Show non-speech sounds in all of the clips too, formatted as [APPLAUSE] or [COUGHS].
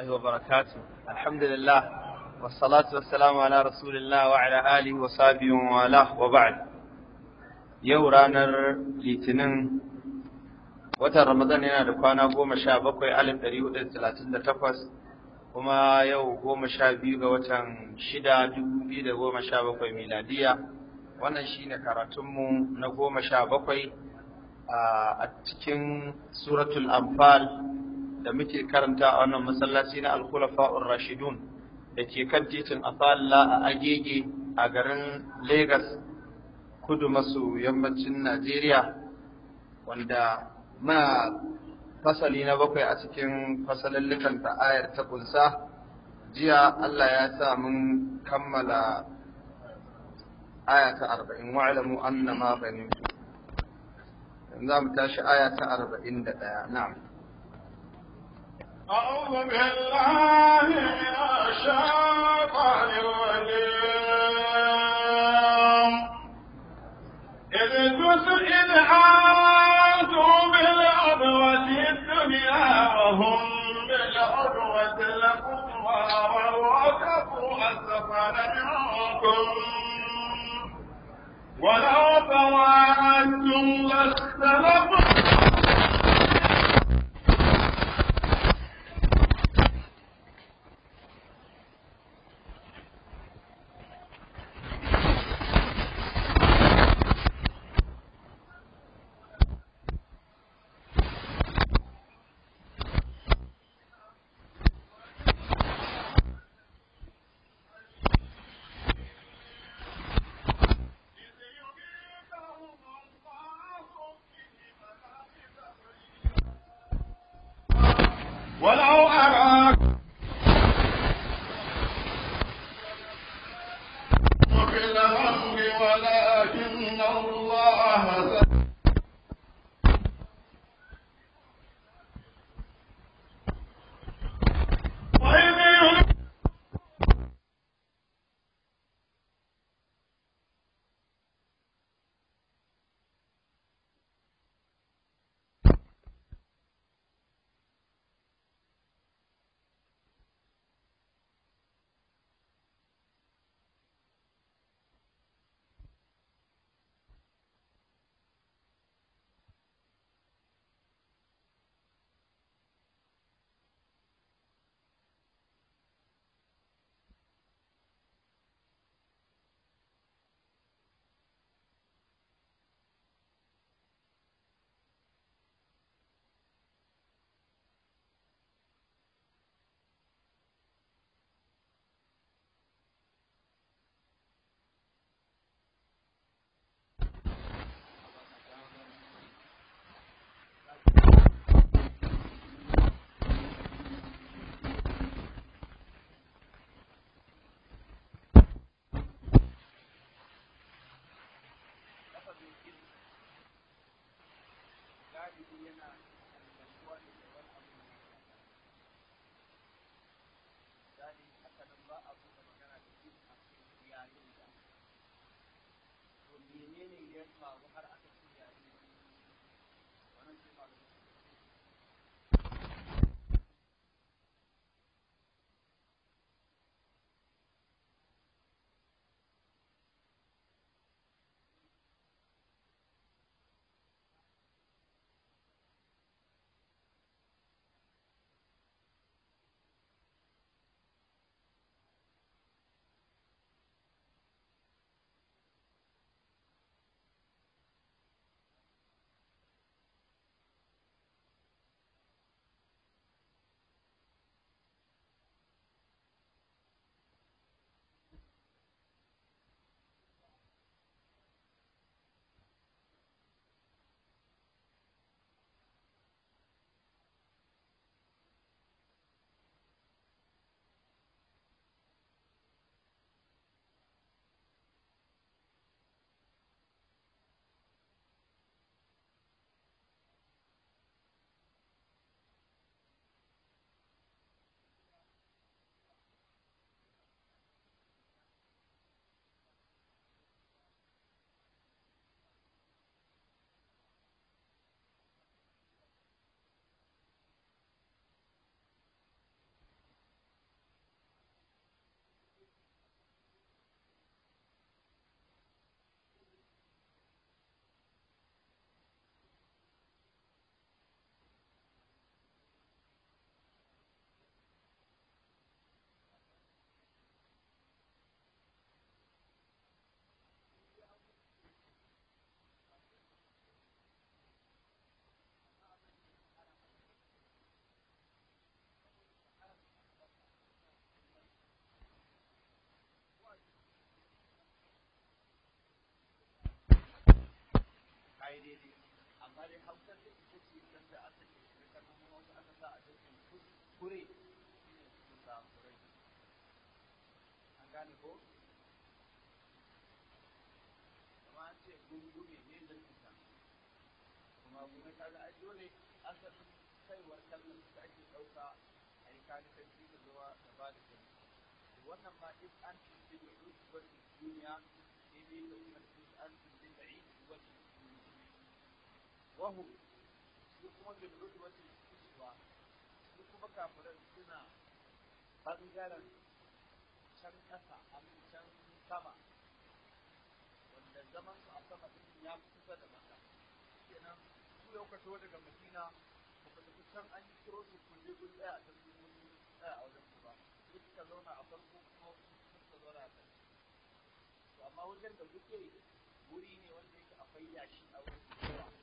الله وبركاته الحمد لله والصلاة والسلام على رسول الله وعلى آله وصحبه وموالاه وبعد yau ranar litinin watan ramadan yana da kwana goma sha bakwai alif ɗari hudu talatin da takwas kuma yau goma sha biyu ga watan shida dubu biyu da goma sha bakwai miladiya wannan shi ne karatunmu na goma sha bakwai a cikin suratul anfal da muke karanta a wannan masallaci na Al-Khulafa'ur Rashidun da ke kan titin Afalla a Agege a garin Lagos kudu maso yammacin Najeriya wanda muna fasali na bakwai a cikin fasalallukan ta ayar ta kunsa jiya Allah ya sa mun kammala aya ta arba'in wa'alamu annama ghanimtum yanzu mu tashi aya ta arba'in da ɗaya na'am أعوذ بالله من الشيطان الرجيم إذ تسر إذ أنتم بالعدوة الدنيا وهم بالعدوة الكبرى والركب أسفل منكم ولو تواعدتم لاختلفتم ولا عليه حوسه تكسي تساعدك لكنه موت أنا ساعدك كوري نظام كوري أنا ko kuma an ce gungu ne ne zai kuma kuma ta da ajo ne asalin kaiwar kallon da ake ɗauka a yi kani ta ci da zuwa da ba da gani wannan ma in an ce ce da rukuwar duniya ne ne da kuma وهم ɓangaren can ƙasa a can sama wanda zaman su a sama ɗin ya kusa da maka kenan su yau ka tawo daga madina ba ka tafi can an yi kiro su kun je tsaya a can kun wani tsaya a wajen ku ba sai suka zauna a farko kuma suka zauna a kan amma wajen da kuke wuri ne wanda yake akwai yashi a wurin kowa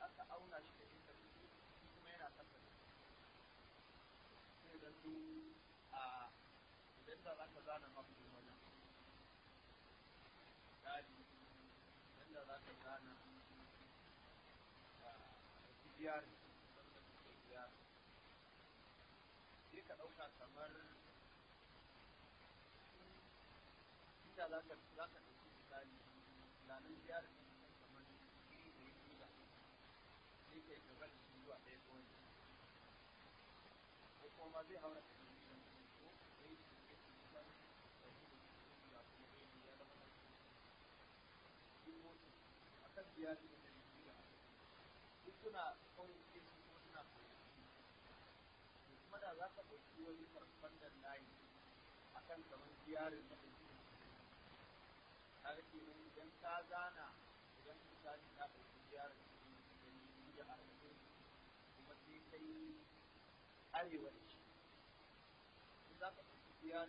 aka auna shi da inda suke shi kuma yana kasa sai da su a idan da za ka zana mafi wannan gadi idan da za ka zana biyar biyar sai ka ɗauka kamar inda za ka kan kamar ziyarar da kake a rike nan idan ka zana idan misali ka ɗauki ziyarar da sai ya ni da arzikin kuma arewa Yeah.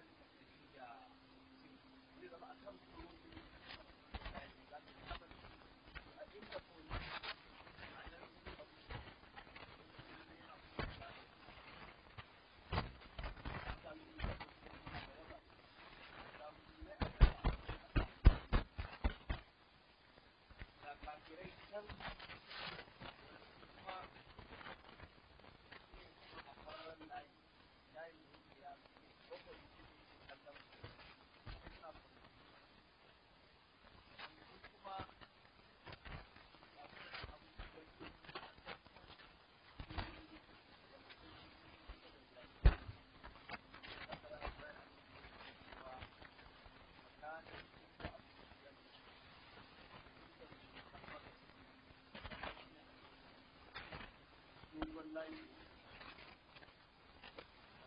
layi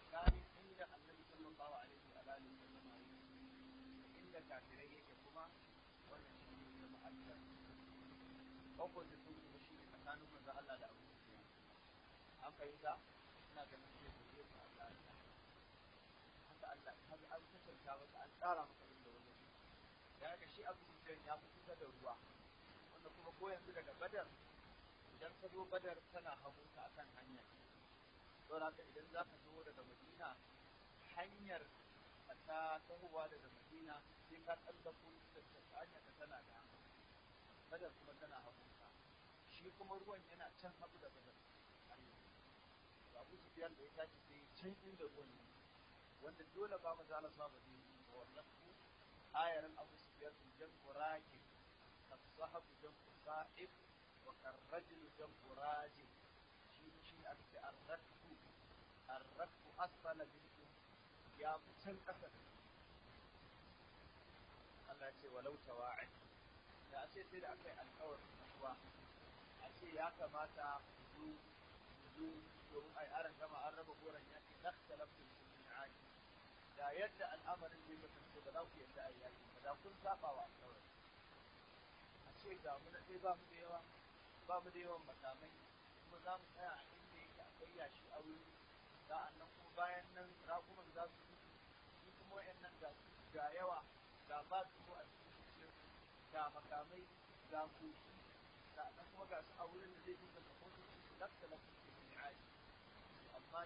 tsakanin inda annabi sallallahu alaihi wa alihi wa sallam inda kafirai yake kuma wannan shi ne da mu'ajjal opposite sun kuma shi tsakanin manzo Allah da Abu Sufyan an fahimta ina ganin shi da zai fa Allah haka Allah haka an an tsara da shi Abu Sufyan ya fita da ruwa wanda kuma ko yanzu daga Badar idan ta zo Badar tana hagu saboda haka idan za ka taho daga madina hanyar ta tahowa daga madina sai ka tsallako da hanyar da tana da badar kuma tana hagunka shi kuma ruwan yana can hagu da badar abu su biyar da ya tashi sai can inda ruwan ne wanda dole ba mu maza ala ba zai yi ba wannan ku ayaran abu su biyar sun jan kurakin kasahabu jan kusa'ib wa karrajin jan kurajin shi shi ake arzakin الربط أصلا بذكره يا متن قسم Allah ce walau tawa'id da a ce sai da aka yi alkawarin kuwa a ce ya kamata su zu domin ai aran gama an raba goron yaki lakhtalaftum fil mi'ad da yadda al'amarin zai kasance ba za ku yadda ai yaki ba da kun saba wa alkawarin a ce ga mu na dai ba mu da yawa ba mu da yawan makamai kuma za mu tsaya a inda yake akwai yashi a wuri sa'annan kuma bayan nan raƙuman za su mutu su kuma 'yan nan ga ga yawa ga ba su ko a cikin ga makamai ga koki sa'annan kuma ga su a wurin da zai dinga kafofi su lafta lafta su ne amma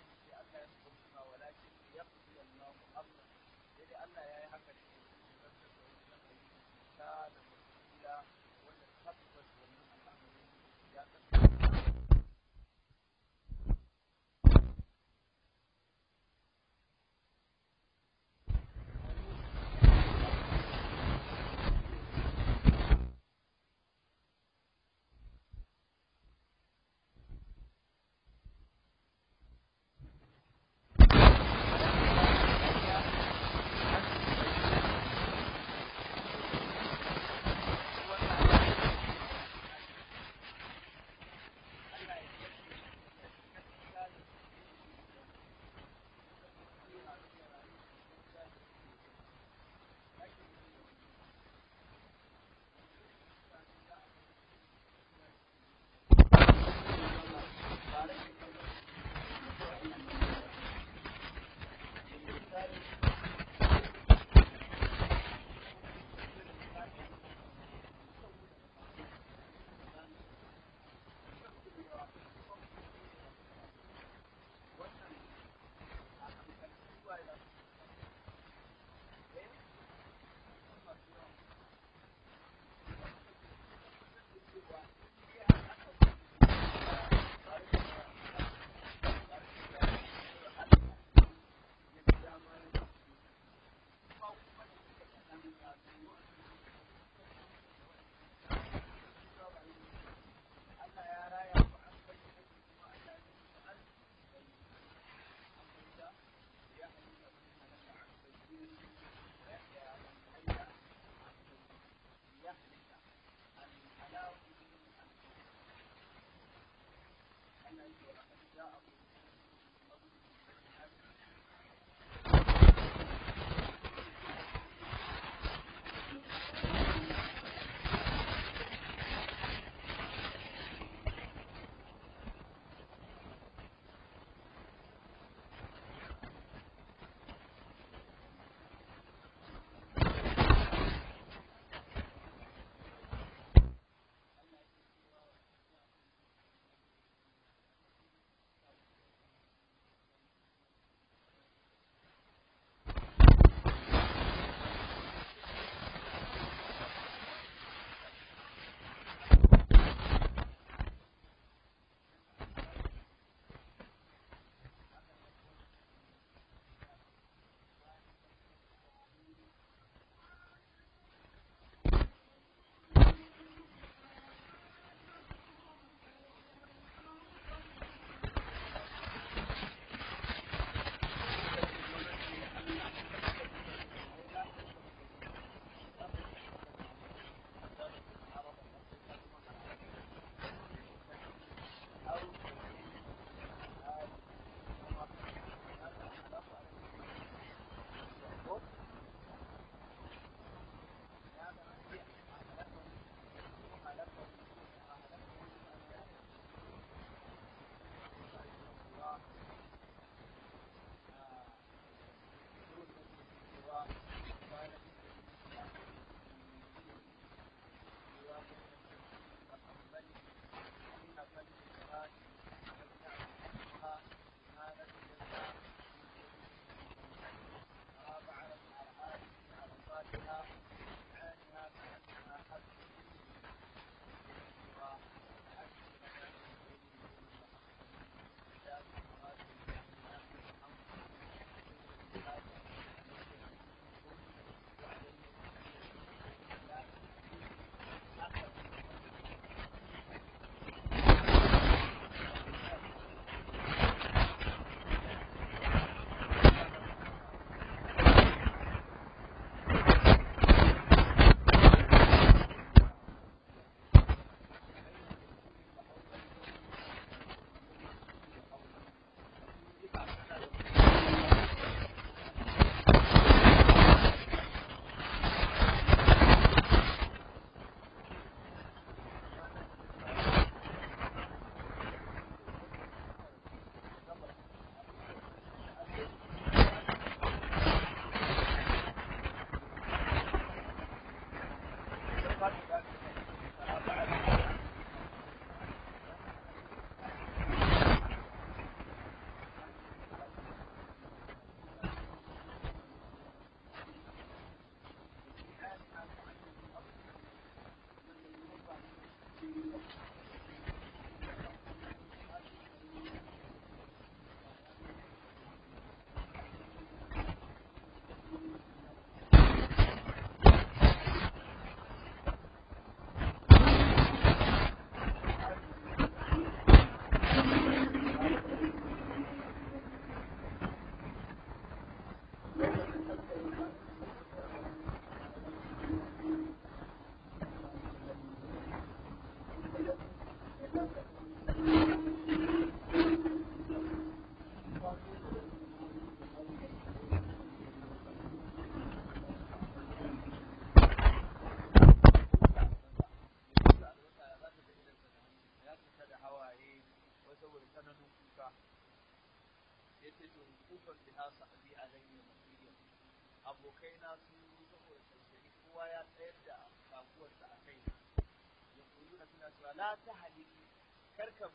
تركب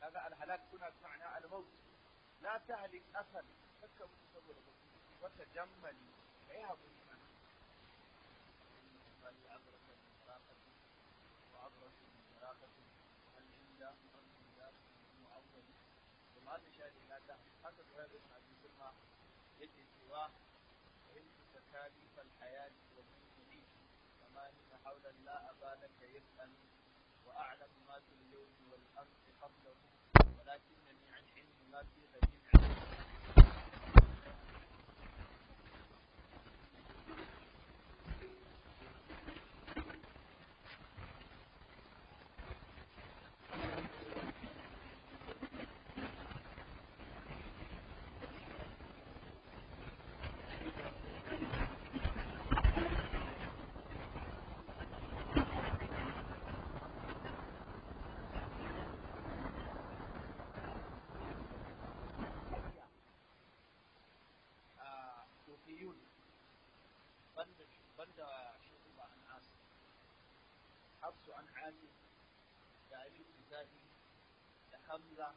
هذا الهلاك هناك معنى الموت لا تهلك أخا تركب تسوي وتجملي فيها بني أبرك المراقة وأبرك المراقة الإنجاز والإنجاز المعول وما بشأن لا تهلك حسب غير ابن أبي يجد سواه علم تكاليف الحياة والمسلمين وما هي حول لا أبا يسأل وأعلم الحرف قبله ولكنني عن حلم ما في غيره حاتم ده أبي زادي ده حمزة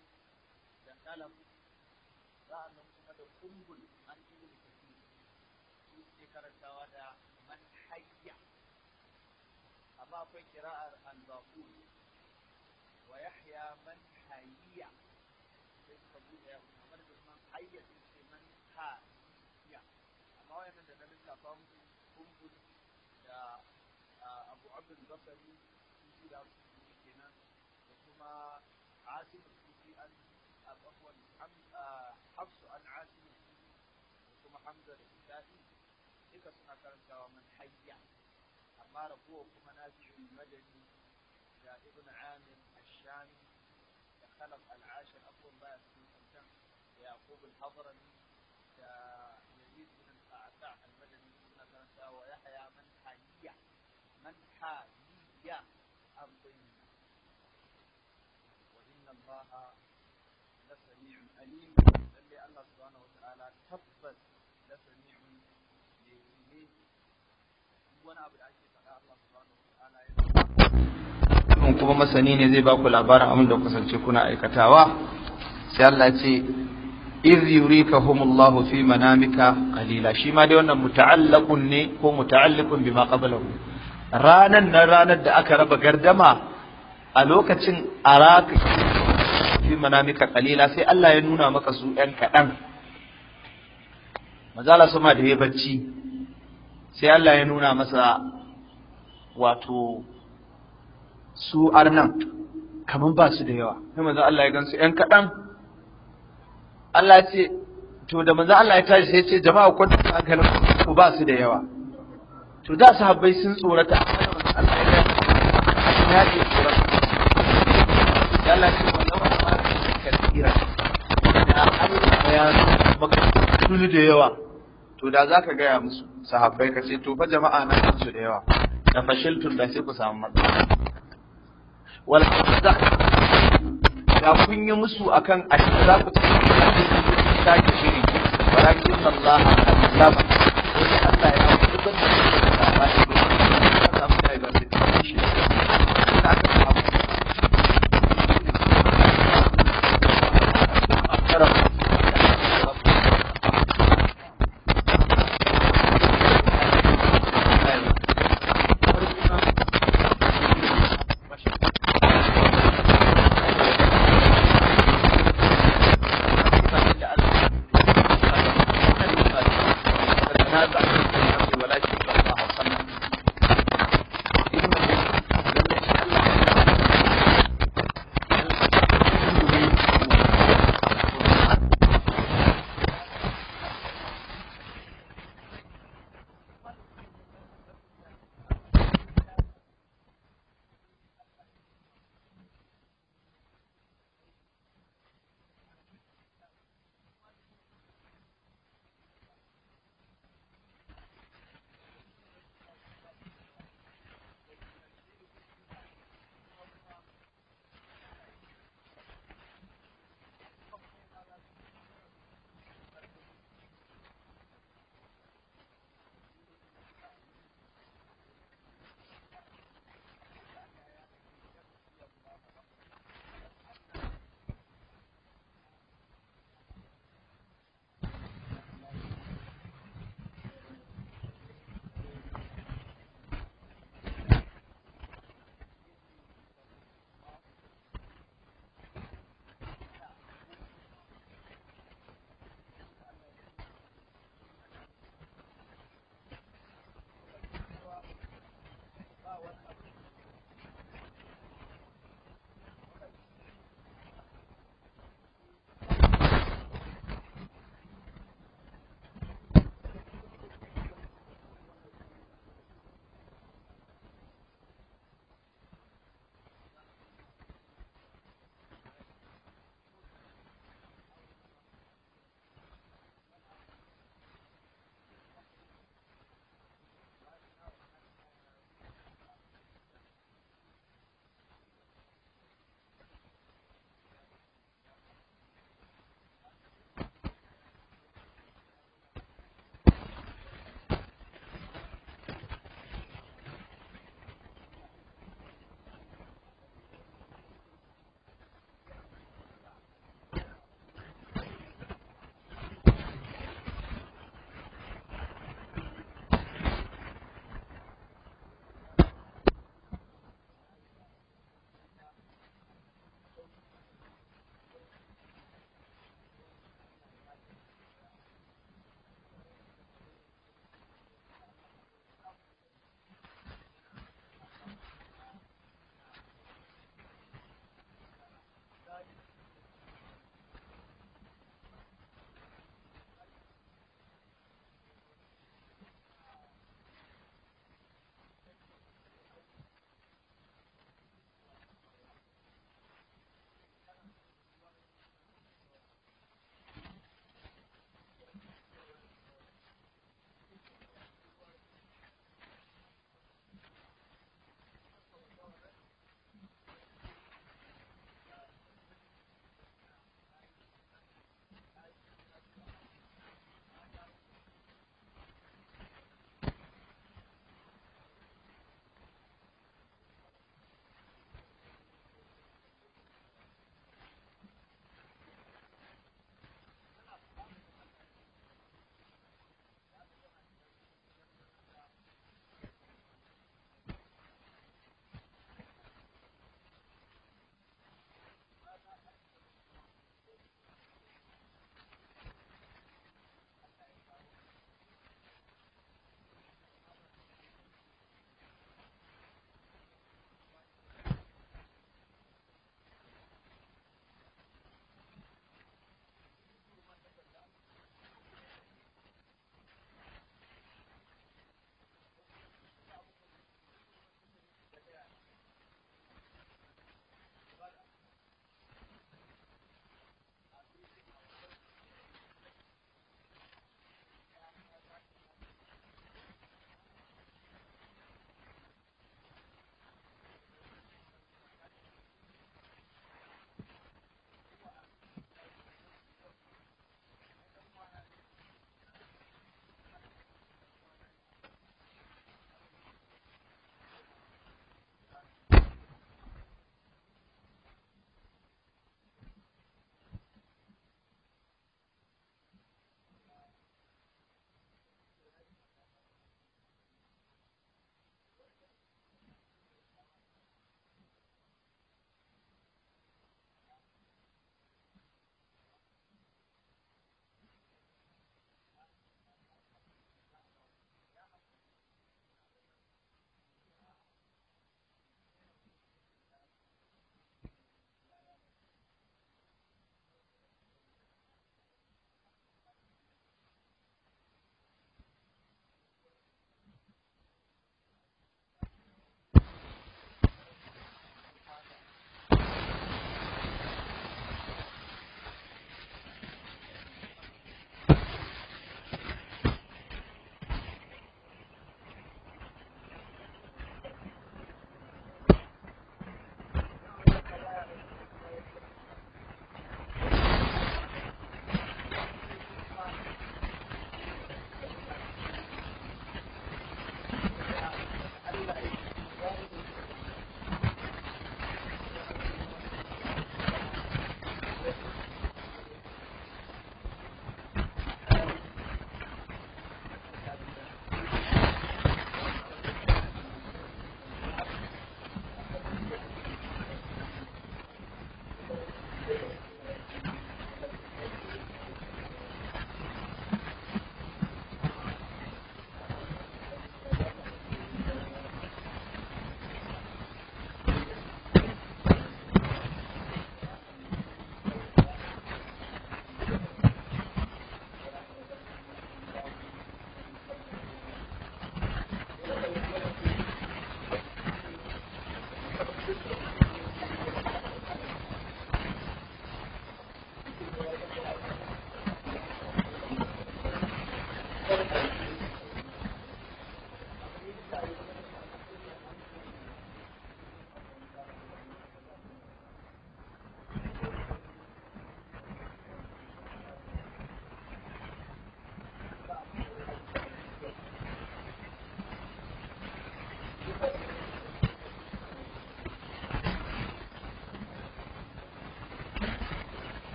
ده سلم sa'annan kuma da kumbul an ibn kathir shi ke karantawa da man hayya amma akwai kira'ar al-baqul wa yahya man hayya sai suka buɗe ya kamar da man hayya sai ce man hayya amma wayannan da na lissafa musu kumbul da abu abdul basari إلى رسولنا وكما عاصم الكوفي عن عفوا حفص عن عاصم وكما حمزة الكتابي duka suna karantawa man hayya amma ragowa kuma nafi'u madani da ibn amir ash-shami da khalaf al-ashir abubuwan baya cikin kantan da yaqub al-hadrami الله لسميع عليم للي الله سبحانه وتعالى تبت لسميع لجميع وانا ابو العزيز على الله سبحانه وتعالى in kuma masani ne zai baku labarin abin da kusance kuna aikatawa sai Allah ce iz yurikahumullahu fi manamika qalila shi ma dai wannan muta'allaqun ne ko muta'alliqun bima qablahu ranan nan ranar da aka raba gardama a lokacin araka fi manamika qalila sai Allah ya nuna maka su ɗan kaɗan mazala sama da ya bacci sai Allah ya nuna masa wato su arnan kaman ba su da yawa sai manzo Allah ya gansu ɗan kaɗan Allah ya ce to da manzo Allah ya tashi sai ya ce jama'a ku da hankali ku ba su da yawa to da sahabbai sun tsorata Allah ya ce Allah ya ce iran da Allah ya maka tulu da yawa to da za ka gaya musu sahabbai ka ce to fa jama'a na su da yawa da fashiltun da sai ku samu matsala wal da da kun yi musu akan ashe za ku ci ta shiri walakin Allah al-sabr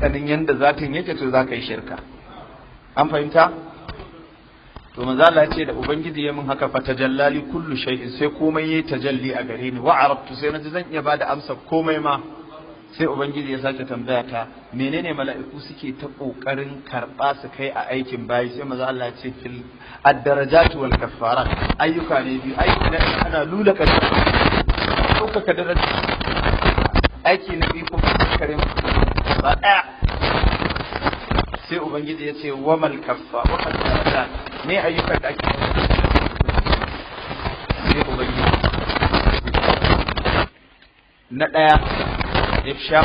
hakikanin yadda ta yake to za ka yi shirka an fahimta to manzo Allah ce da ubangiji ya min haka fa tajallali kullu shay'in sai komai yayi tajalli a gare ni wa arabtu sai naji zan iya bada amsa komai ma sai ubangiji ya sake tambaya ta menene mala'iku suke ta kokarin karba su kai a aikin bayi sai maza Allah ce fil ad-darajat wal kaffarat ayyuka ne biyu aiki na ana lula ka dauka ka daraja aiki na biyu kuma kare gaba ɗaya sai ubangiji ya ce wa mal wa kaffa ne ayyukan da ake sai ubangiji na ɗaya ifsha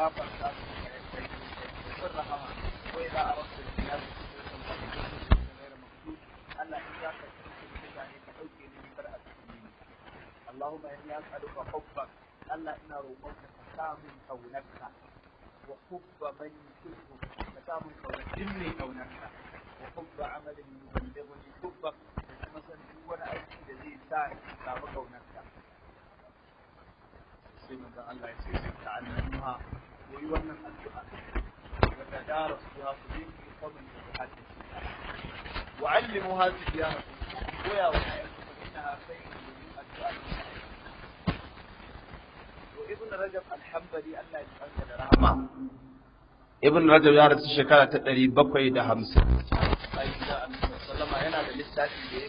الكتاب والكتاب فرقها واذا اردت الكتاب غير مقصود ان اياك اللهم اني اسالك حبك الا ان رومك تسامن كونك وحب من يحبك تسامن كونك امني كونك وحب عمل يبلغني حبك مثلا هو انا ايش الذي يساعد كتاب كونك ان الله يسير تعلمها ويونس في وعلموا هذه الديانة ويا وحياتكم من وابن رجب الحنبلي الله يجعل رحمه ابن رجب ya rasu shekara ta ɗari bakwai da hamsin sallama yana da lissafi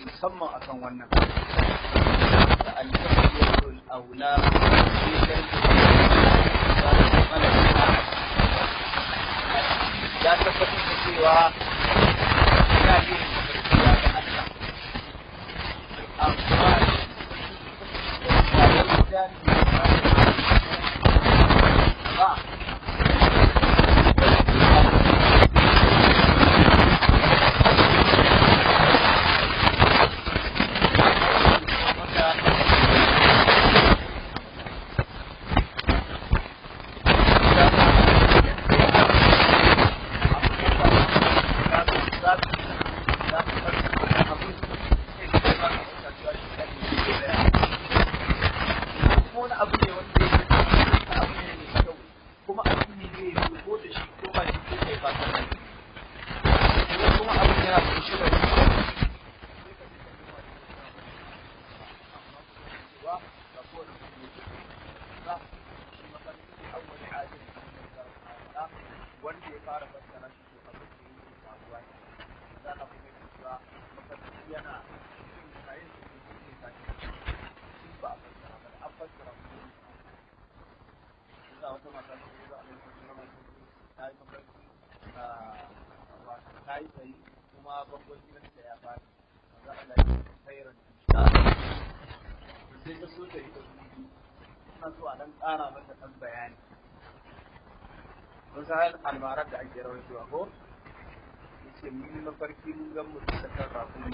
da ya ya tabbatar da cewa ya yi ga Allah amma yi ƙara masa ɗan bayani. Kun san almarar da ake rawaitowa ko? semino parking ng musa sa kapatid.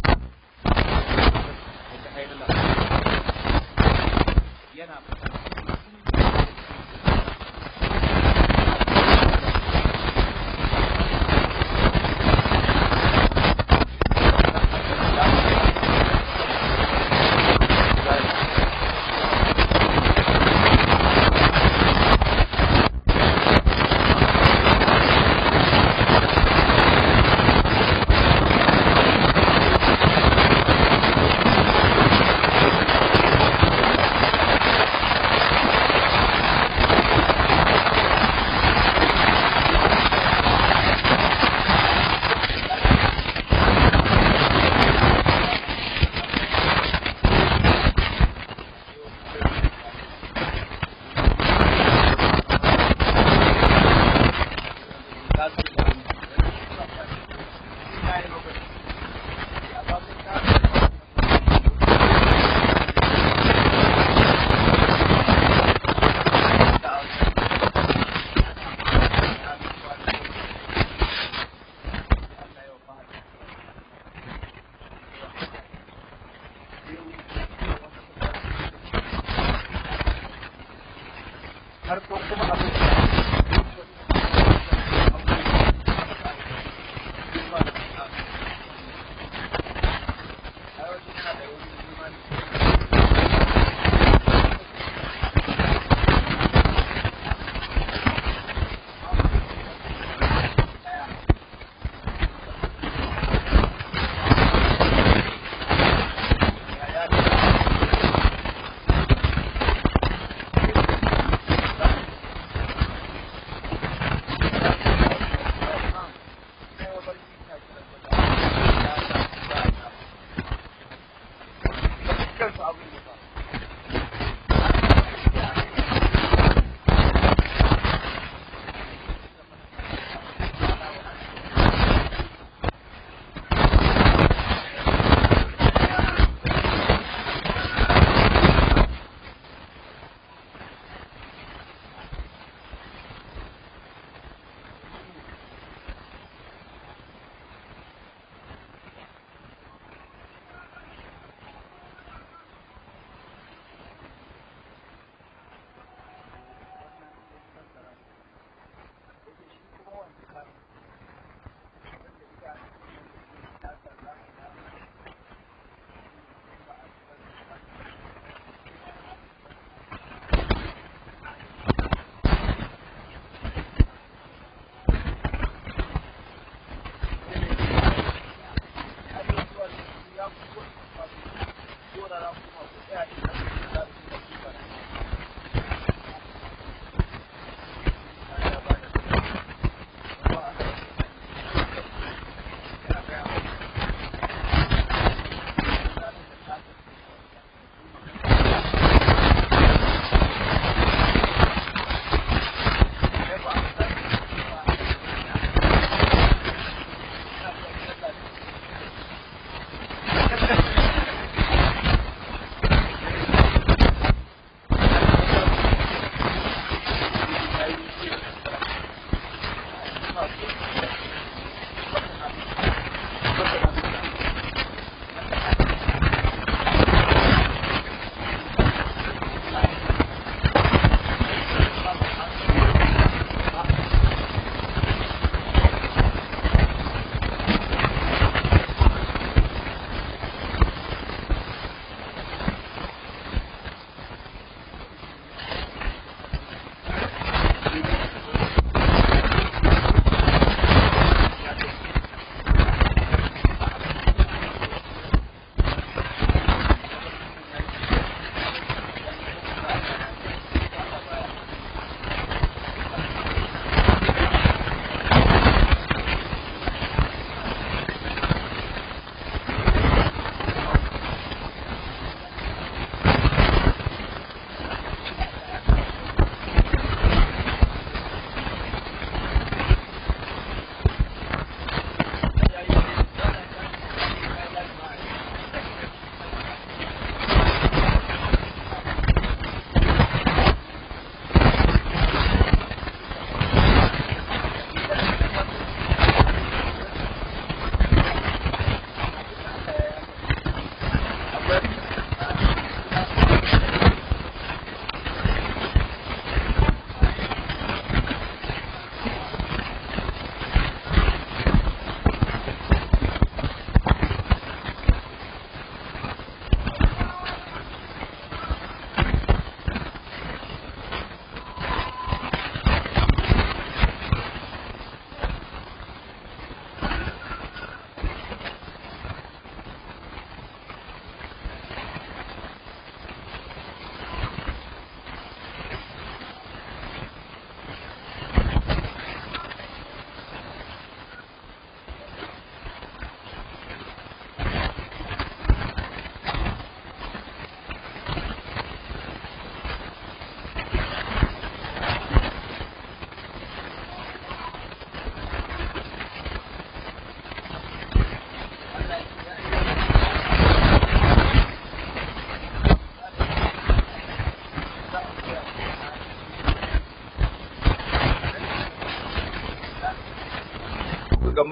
yana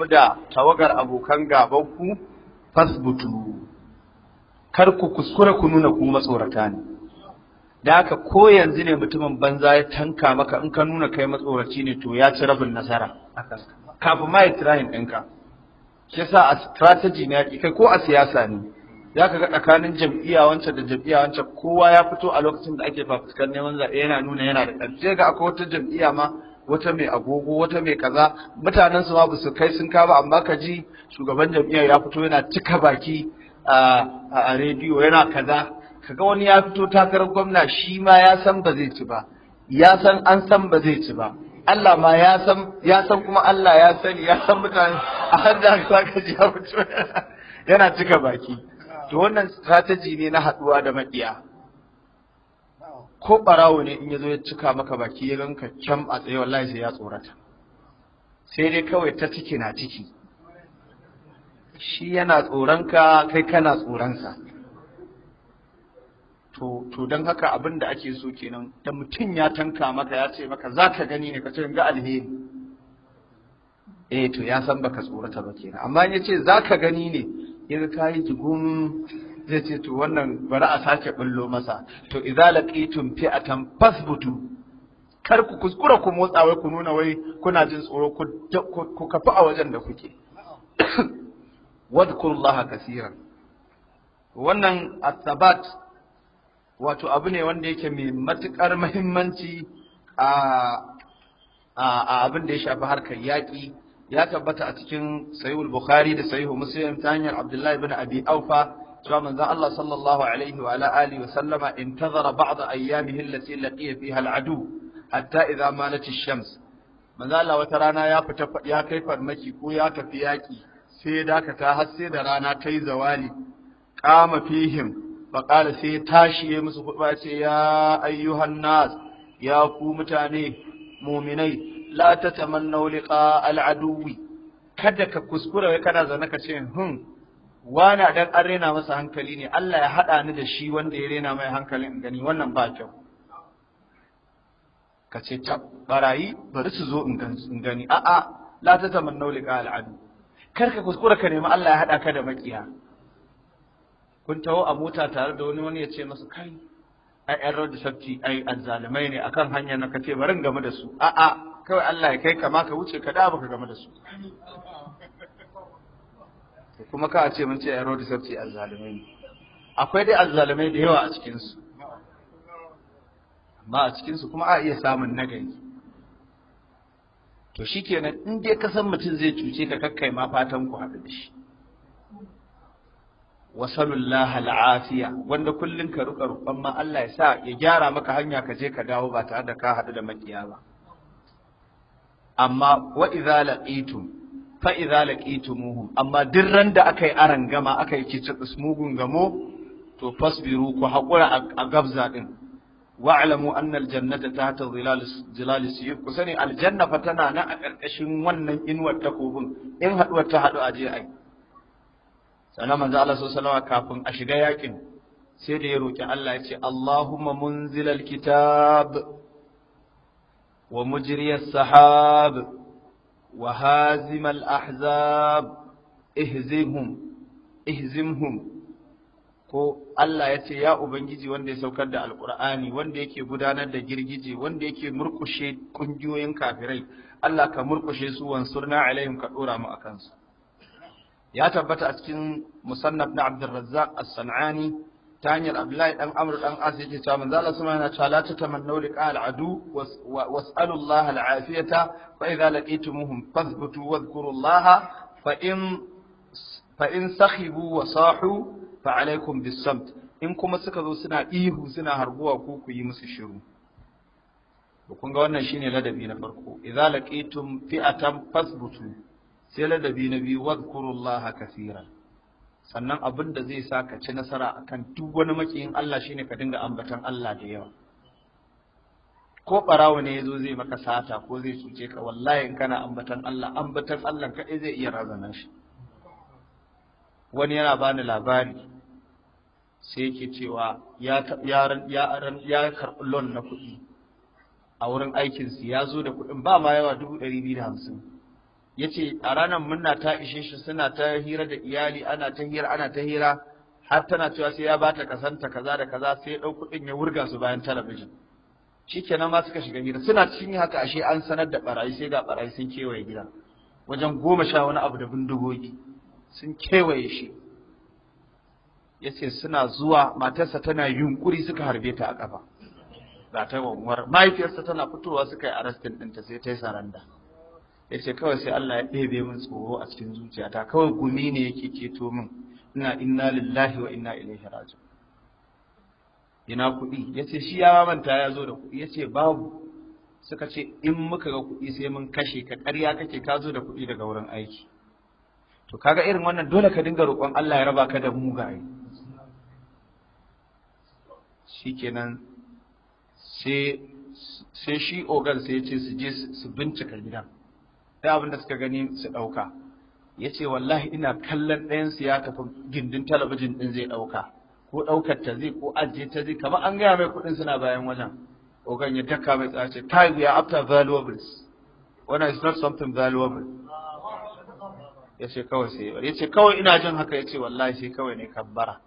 gamu da tawagar abokan gabanku fasbutu kar ku kuskura ku nuna ku matsorata ne da haka ko yanzu ne mutumin banza ya tanka maka in ka nuna kai matsoraci ne to ya ci rabin nasara kafin ma ya tirahin ɗinka shi yasa a strategy na yaƙi kai ko a siyasa ne za ka ga tsakanin jam'iyya wancan da jam'iyya wancan kowa ya fito a lokacin da ake fafuskar neman zaɓe yana nuna yana da ƙarfi ga akwai wata jam'iyya ma wata mai agogo wata mai kaza mutanen su ma ba su kai sun kaba amma ka ji shugaban jam'iyyar ya fito yana cika baki a rediyo yana kaza kaga wani ya fito takarar gwamna shi ma ya san ba zai ci ba ya san an san ba zai ci ba Allah ma ya san ya san kuma Allah ya sani ya san mutane a hada ka ji ya fito [LAUGHS] yana cika baki to wannan strategy ne na haduwa da maƙiya ko barawo ne in ya zo ya cika maka baki ya ganka kyam a tsaye wallahi sai ya tsorata sai dai kawai ta ciki na ciki shi yana ka, kai kana tsoronsa to to don haka abin da ake so kenan da mutum ya tanka maka ya ce maka za ka gani ne ka ce ga alheri eh to ya san baka tsorata ba kenan amma in ya ce za ka gani ne ya ka yi jigun zai ce to wannan bari a sake bullo masa to idza laqitum fi'atan fasbutu kar ku kuskura ku motsa wai ku nuna wai kuna jin tsoro ku kafa a wajen da kuke [COUGHS] wadkurullaha kaseeran wannan asabat wato abu ne wanda yake mai matukar muhimmanci a abin da ya shafi harkar yaƙi ya tabbata a cikin sahihul bukhari da sahihul muslim ta hanyar abdullahi ibn abi aufa cewa manzon Allah sallallahu alaihi wa alihi wa sallama intazara ba'd ayyamihi allati laqiya fiha al'adu hatta idza malat ash-shams manzon Allah wata rana ya fita ya kai farmaki ko ya tafi yaki sai ya dakata har sai da rana ta yi zawali qama fihim faqala sai tashi ya musu kuba ce ya ayyuhan nas ya ku mutane muminai la tatamannu liqa al-aduwi kada ka kuskura kana zana ka ce hun hmm, wana dan an rena masa hankali ne Allah ya haɗa ni da shi wanda ya rena mai hankalin gani wannan ba kyau ka ce ta barayi bari su zo in gani a'a la ta zaman ka al'adu kar ka kuskura ka nema Allah ya haɗa ka da makiya kun taho a mota tare da wani wani ya ce masa kai a yan rawar da sabti ai azzalumai ne akan hanyar na ka ce bari game da su a'a kawai Allah ya kai kama ka wuce ka da baka game da su kuma ka ce mun ce Herodotus ce azzalumai akwai dai azzalumai da yawa a cikin amma a cikin kuma a iya samun nagari to shikenan in dai ka san mutum zai cuce ka kakkai ma fatan ku haɗu da shi wasalullah al'afiya wanda kullum ka ruka rukan ma Allah ya sa ya gyara maka hanya ka je ka dawo ba tare da ka haɗu da makiya ba amma wa idza laqitum fa idza laqitumuhum amma duk ran da aka yi aran gama aka yi kitsis mugun gamo to fasbiru ku haƙura a gabza din wa'lamu anna aljannata tahta zilal siyuf ku sani aljanna fa tana na a ƙarƙashin wannan inuwar takobin in haɗuwar ta haɗu aje ai sannan manzo Allah sallallahu kafin a shiga yakin sai da ya roki Allah ya ce Allahumma munzilal kitab wa mujriyas sahab وهازم الأحزاب اهزمهم ko Allah ya ce ya Ubangiji wanda ya saukar da Alƙur'ani wanda yake gudanar da girgije wanda yake murkushe ƙungiyoyin kafirai Allah ka murkushe su na alaihim ka ɗora mu a kansu ya tabbata a cikin musannaf na Abdulrazzaq as-San'ani ta hanyar Abdullahi dan Amr dan As yake cewa manzo Allah sama yana cewa la tatamannu liqa al-adu was'alu Allah al-afiyata fa idza laqitumuhum fadhbutu wadhkuru Allah fa in fa in sakhibu wa sahu fa alaykum bis-samt in kuma suka zo suna ihu suna harguwa ko ku yi musu shiru kun ga wannan shine ladabi na farko idza laqitum fi'atan fasbutu sai ladabi na biyu wadhkurullaha kaseeran sannan abin da zai sa ka ci nasara a kan duk wani makiyin Allah shine ka dinga ambatan Allah da yawa ko barawo ne ya zo zai maka sata ko zai cuce ka wallahi in kana ambatan Allah ambatan Allah kaɗai zai iya razana shi wani yana bani labari sai yake cewa ya karɓi lon na kuɗi a wurin aikinsu ya zo da kuɗin ba ma yawa dubu ɗari biyu da hamsin ya ce a ranar murna ta ishe shi suna ta hira da iyali ana ta hira ana ta hira har tana cewa sai ya bata kasanta kaza da kaza sai ya ɗau kuɗin ya wurga su bayan talabijin shikenan ma suka shiga hira suna cikin haka ashe an sanar da barayi sai ga barayi sun kewaye gida wajen goma sha wani abu da bindigogi sun kewaye shi ya ce suna zuwa matarsa tana yunkuri suka harbe ta a ƙafa ba ta mahaifiyarsa tana fitowa suka yi arastin ɗinta sai ta yi saranda Ya ce kawai sai Allah ya ɗebe min tsoro a cikin zuciyata kawai gumi ne yake keto min ina inna lillahi wa inna ilaihi raji'un ina kuɗi Ya ce shi ya manta ya zo da kuɗi Ya ce babu suka ce in muka ga kuɗi sai mun kashe ka ƙarya kake ka zo da kuɗi daga wurin aiki to kaga irin wannan dole ka dinga roƙon Allah ya raba ka da mugaye shikenan sai sai shi ogan sai ya ce su je su bincika gidan da abin da suka gani su ɗauka ya ce wallahi ina kallon ɗayansu ya tafi gindin talabijin ɗin zai ɗauka ko ɗaukar ta zai ko ajiye ta zai kamar an gaya mai kuɗin suna bayan wajen ogan ya taka mai tsace time we are after valuables wannan is not something valuable ya ce kawai sai ya ce kawai ina jin haka ya ce wallahi sai kawai ne kabbara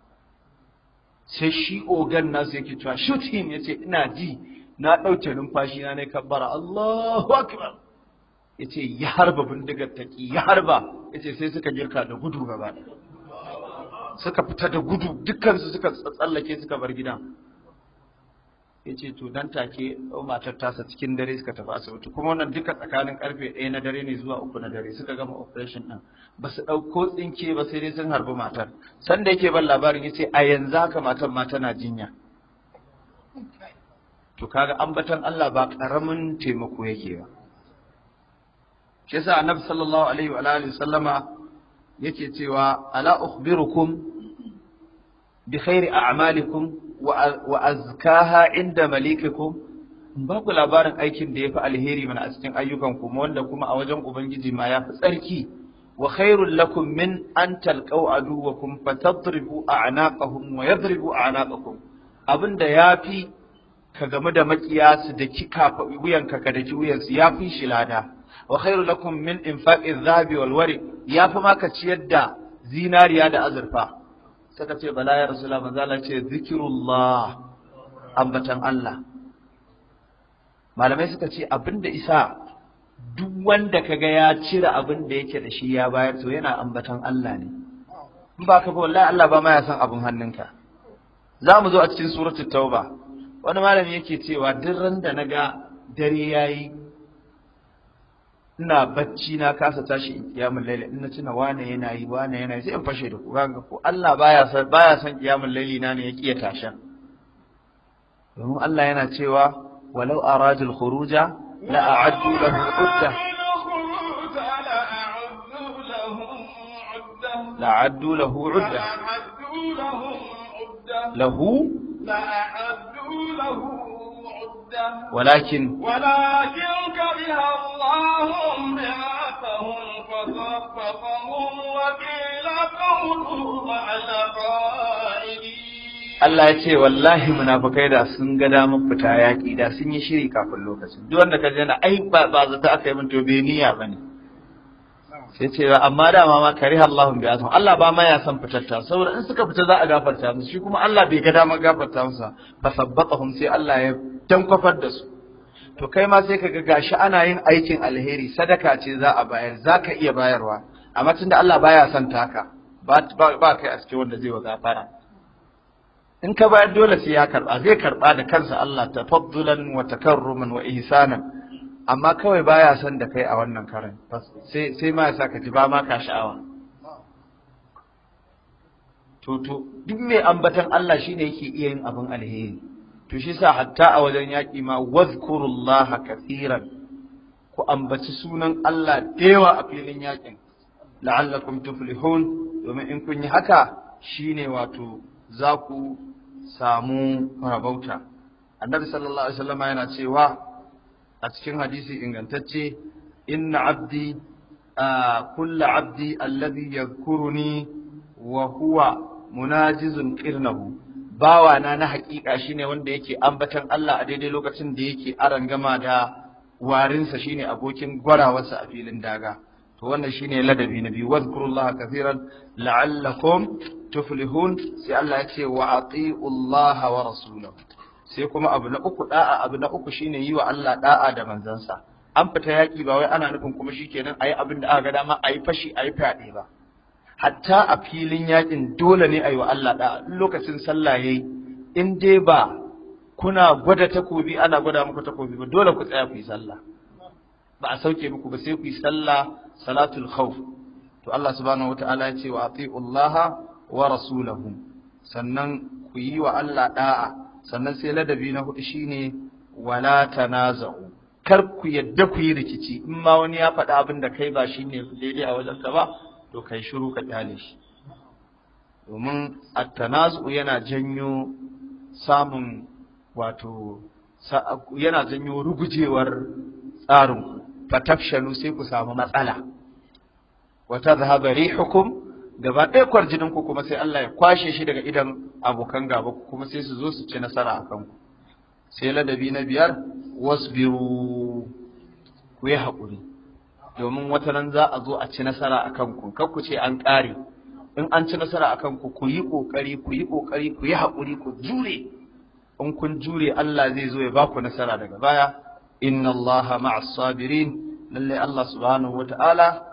sai shi ogan nasu yake cewa shoot him ya ce ina ji na ɗauke numfashi na ne kabbara Allahu akbar yace ya harba bindigar ta ya harba yace sai suka girka da gudu gaba suka fita da gudu dukkansu suka tsallake suka bar gidan yace to dan take oh, matar tasa cikin dare suka tafi asibiti kuma wannan duka tsakanin karfe 1 na dare ne zuwa 3 na dare suka gama operation din ba su dauko tsinke ba sai dai sun harbi matar sanda yake ban labarin yace a yanzu haka matar ma tana jinya to kaga ambatan Allah ba karamin taimako yake ba Kisa annabi sallallahu alaihi wa alihi sallama yake cewa ala ukhbirukum bi khairi a'malikum wa azkaha inda malikikum ba ku labarin aikin da yafi alheri mana a cikin ayyukan kuma wanda kuma a wajen ubangiji ma yafi tsarki wa khairul lakum min an talqaw aduwakum fatadribu a'naqahum wa yadribu a'naqakum abinda yafi ka game da makiya su da kika kafa wuyanka ka da ki wuyansu yafi shi lada wa khairu lakum min infaqi dhahabi wal wari ya ma ka ciyar da zinariya da azurfa saka ce bala ya rasulullah manzo Allah ce zikrullah ambatan Allah malamai suka ce abinda isa duk wanda kaga ya cire abinda yake da shi ya bayar to yana ambatan Allah ne in ba ka ba wallahi Allah ba ma ya san abin hannunka za mu zo a cikin suratul tauba wani malami yake cewa duk ran da naga dare yayi ina bacci na kasa tashi in kiyamul laili ina tuna wane yana yi wane yana yi sai in fashe da kuka ga ko Allah baya san baya san kiyamul laili na ne ya kiya tashan domin Allah yana cewa walau aradul khuruja la a'addu lahu udda la a'addu lahu udda lahu la a'addu lahu ولكن ولكن كره الله امرأتهم فصفقهم وقيل قولوا على Allah ya ce wallahi munafukai da sun ga damar fita yaƙi da sun yi shiri kafin lokacin duk wanda ka jana ai ba zata aka yi min to bai niyya bane sai ce amma dama ma kare Allahun bi azum Allah ba ma ya san fitatta saboda in suka fita za a gafarta musu shi kuma Allah bai ga damar gafarta musu ba hum sai Allah ya tankwafar da su to kai ma sai ka ga gashi ana yin aikin alheri sadaka ce za a bayar zaka iya bayarwa amma tunda Allah baya son taka ba ba kai a cikin wanda zai wa gafara in ka bayar dole sai ya karba zai karba da kansa Allah tafaddulan wa takarruman wa ihsanan amma kawai baya son da kai a wannan karin, sai ma ya ka ji ba ma ka sha'awa to to duk mai ambatan Allah shine yake iya yin abin alheri to shi sa hatta a wajen yaƙi ma wazkurullaha kathiran ku ambaci sunan Allah da a filin yaƙin la'allakum tuflihun domin in kun yi haka shine wato za ku samu rabauta annabi sallallahu alaihi wasallam yana cewa a cikin hadisi ingantacce inna abdi kulla abdi alladhi yadhkuruni wa huwa munajizun qirnahu bawana na haƙiƙa shine wanda yake ambatan Allah a daidai lokacin da yake arangama da warinsa shine abokin gwarawarsa a filin daga to wannan shine ladabi na biyu wadhkurullaha kathiran la'allakum tuflihun sai Allah ya ce wa ati'ullaha wa rasulahu sai kuma abu na uku da'a abu na uku shine yi wa Allah da'a da manzansa an fita yaƙi ba wai ana nufin kuma shikenan ayi abin da aka ga dama ayi fashi ayi fyaɗe ba hatta a filin yaƙin dole ne ayi wa Allah da'a lokacin sallah yayi in dai ba kuna gwada takobi ana gwada muku takobi ba dole ku tsaya ku yi sallah ba a sauke muku ba sai ku yi sallah salatul khawf to Allah subhanahu wataala ya ce wa ati'ullaha wa rasulahu sannan ku yi wa Allah da'a sannan sai ladabi na hudu shine wala tanaza'u kar ku yadda ku yi rikici in ma wani ya faɗa abin da kai ba shine daidai a wajenka ba to kai shiru ka kyale shi domin at-tanazu yana janyo samun wato yana janyo rugujewar tsarin ku fatafshalu sai ku samu matsala wa tadhhabu rihukum gaba ɗaya kwarjinin ku kuma sai Allah ya kwashe shi daga idan abokan gaba ku kuma sai su zo su ci nasara a kanku sai ladabi na biyar wasbiru ku yi haƙuri domin wata nan za a zo a ci nasara a kanku kar ku ce an ƙare in an ci nasara a kanku ku yi ƙoƙari ku yi ƙoƙari ku yi haƙuri ku jure in kun jure Allah zai zo ya ba ku nasara daga baya inna Allah ma'as sabirin lalle Allah subhanahu wata'ala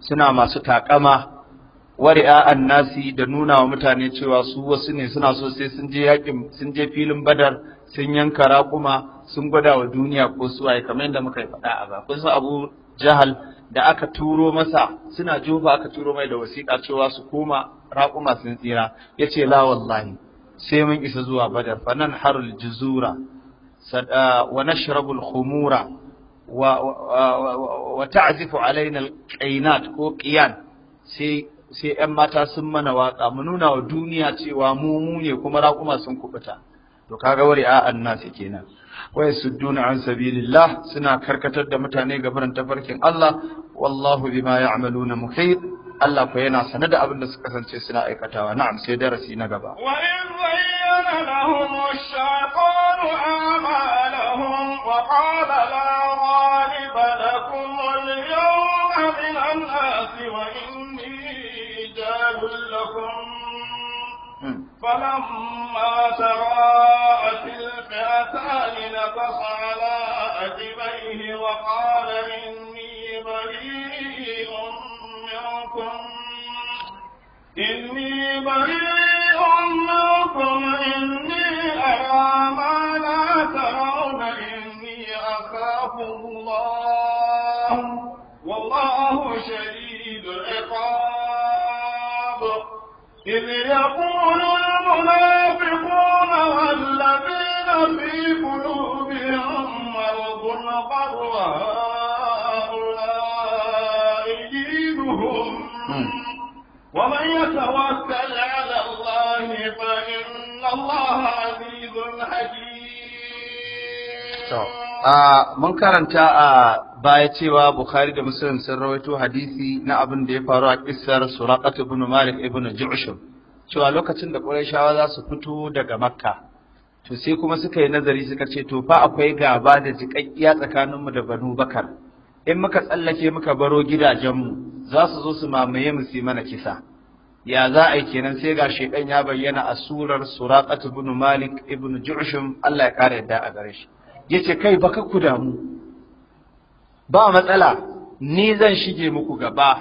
suna masu taƙama takama wari'a nasi da nuna wa mutane cewa su wasu ne suna so sai sun je yakin sun je filin badar sun yanka raƙuma sun gwada wa duniya ko su waye kamar yadda muka yi faɗa a ba kun san abu jahal da aka turo masa suna jofa aka turo mai da wasiƙa cewa su koma raƙuma sun tsira ya ce la wallahi sai mun isa zuwa badar Fa fanan harul juzura ah, wa nashrabul khumura wa ta'zifu alaina alqainat ko qiyan sai sai mata sun mana waka mu nuna wa duniya cewa mu mu ne kuma kuma sun kubuta to kaga wari a annas kenan wai sudduna an sabilillah suna karkatar da mutane ga barin tafarkin Allah wallahu bima ya'maluna muhit Allah ko yana sanar da abin da suka kasance suna aikatawa na'am sai darasi na gaba wa in lahum ash لهم وقال لا غالب لكم اليوم من الناس وإني جاد لكم فلما تراءت الفئتان نقص على أجبيه وقال إني بريء منكم إني بريء منكم إني أرى ما لا يخافه الله والله شديد العقاب إذ يقول المنافقون والذين في قلوبهم مرض غر هؤلاء دينهم ومن يتوكل على الله فإن الله عزيز حكيم mun karanta a baya cewa Bukhari da Muslim sun rawaito hadisi na abin da ya faru a kissar Suraqat ibn Malik ibn Ju'shum cewa lokacin da Qurayshawa za su fito daga Makka to sai kuma suka yi nazari suka ce to fa akwai gaba da jiƙaƙƙiya tsakaninmu da Banu Bakar in muka tsallake muka baro gidajenmu za su zo su mamaye mu su mana kisa ya za a yi kenan sai ga shedan ya bayyana a surar Suraqat ibn Malik ibn Ju'shum Allah ya kare yadda a gare shi ya ce kai baka ku damu ba matsala ni zan shige muku gaba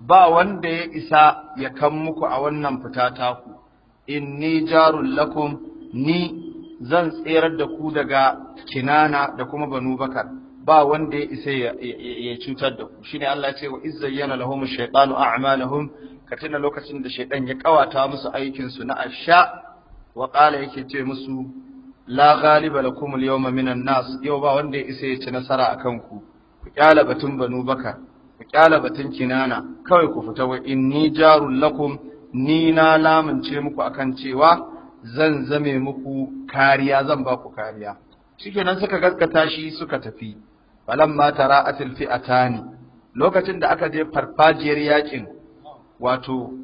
ba wanda ya isa ya kan muku a wannan fita taku ni jarun lakum ni zan tserar da ku daga kinana da kuma banu bakar ba wanda ya isa ya cutar da ku shine Allah ya ce wa izzayyana lahum shaytanu a'malahum ka tuna lokacin da shaytan ya kawata musu aikin su na asha wa qala yake ce musu la ghaliba lakum al-yawma minan nas yau ba wanda ya isa ya ci nasara akan ku ku kyala batun banu bakar ku kyala batun kinana kawai ku fita wa inni jarul lakum ni na lamunce muku akan cewa zan zame muku kariya zan ba ku kariya shikenan suka gaskata shi suka tafi falamma tara'atil fi'atani lokacin da aka je farfajiyar yakin wato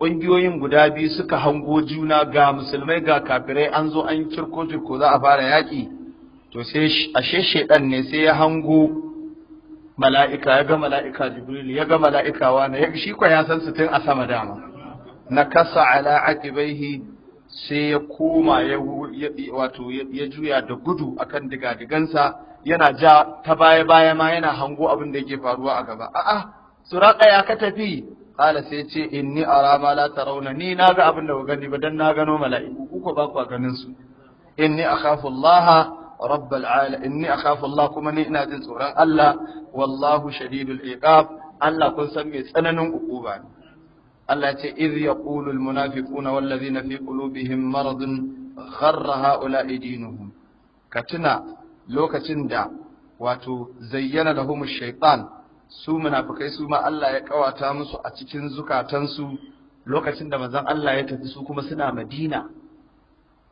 ƙungiyoyin guda biyu suka hango juna ga musulmai ga kafirai an zo an kirko cirko za a fara yaƙi to sai ashe shaidan ne sai ya hango mala'ika ya ga mala'ika jibril ya ga mala'ika wani shi kwa ya san su tun a sama dama na kasa ala aqibaihi sai ya koma ya wato ya juya da gudu akan digadigansa yana ja ta baya baya ma yana hango abin da yake faruwa a gaba a'a suraka ya ka tafi qala sai ce inni ara ma la tarawna ni na ga abin da ba gani ba dan na gano mala'iku kuka ba ku ganin su inni akhafu Allah rabbal alamin inni akhafu Allah kuma ni ina jin tsoron Allah wallahu shadidul iqab Allah kun san mai tsananin ukuba ne Allah ce iz yaqulu al munafiquna wal ladhina fi qulubihim maradun gharra ula dinuhum ka tuna lokacin da wato zayyana lahum ash-shaytan su munafukai su ma Allah ya kawata musu a cikin zukatansu lokacin da manzon Allah ya tafi su kuma suna Madina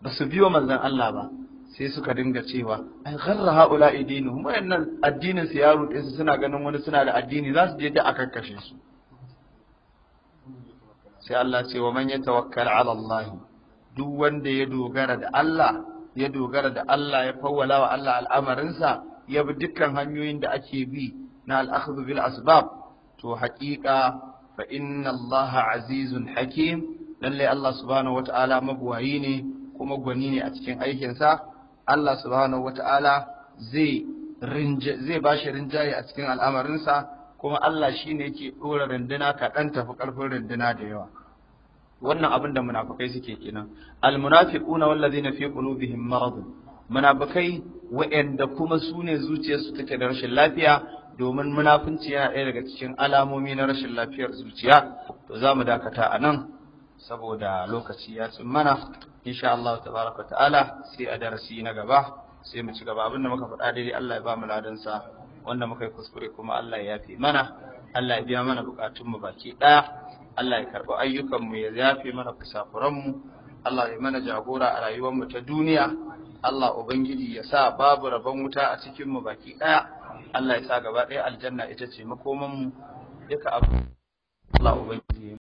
ba su biyo manzon Allah ba sai suka dinga cewa ai gharra haula idinuhum wayannan addinin su ya ruɗe su suna ganin wani suna da addini za su je da akan kashe su sai Allah ce wa man yatawakkal ala Allah duk wanda ya dogara da Allah ya dogara da Allah ya fawwala wa Allah al'amarinsa ya bi dukkan hanyoyin da ake bi na al'akhdhu bil asbab to haƙiƙa fa inna Allah azizun hakim lalle Allah subhanahu wata'ala mabuwayi ne kuma gwani ne a cikin aikinsa Allah subhanahu wata'ala zai bashi rinjaye a cikin al'amarinsa kuma Allah shine yake ɗora runduna kaɗan tafi ƙarfin runduna da yawa wannan abin da munafukai suke kenan almunafiquna wallazina fi qulubihim maradun munafukai wa'anda kuma su ne zuciyarsu take da rashin lafiya domin munafunci yana ɗaya daga cikin alamomi na rashin lafiyar zuciya to za mu dakata a nan saboda lokaci ya tsin mana insha Allah tabaraka ta'ala sai a darasi na gaba sai mu ci gaba abin da muka faɗa daidai Allah ya ba mu ladansa wanda muka yi kuskure kuma Allah ya yafe mana Allah ya biya mana bukatunmu baki ɗaya Allah ya karɓi ayyukanmu ya yafe mana mu Allah ya mana jagora a rayuwarmu ta duniya Allah Ubangiji ya sa babu rabon wuta a cikinmu baki ɗaya Allah ya sa gaba ɗaya aljanna ita ce makoman mu duka abu Allah ubangiji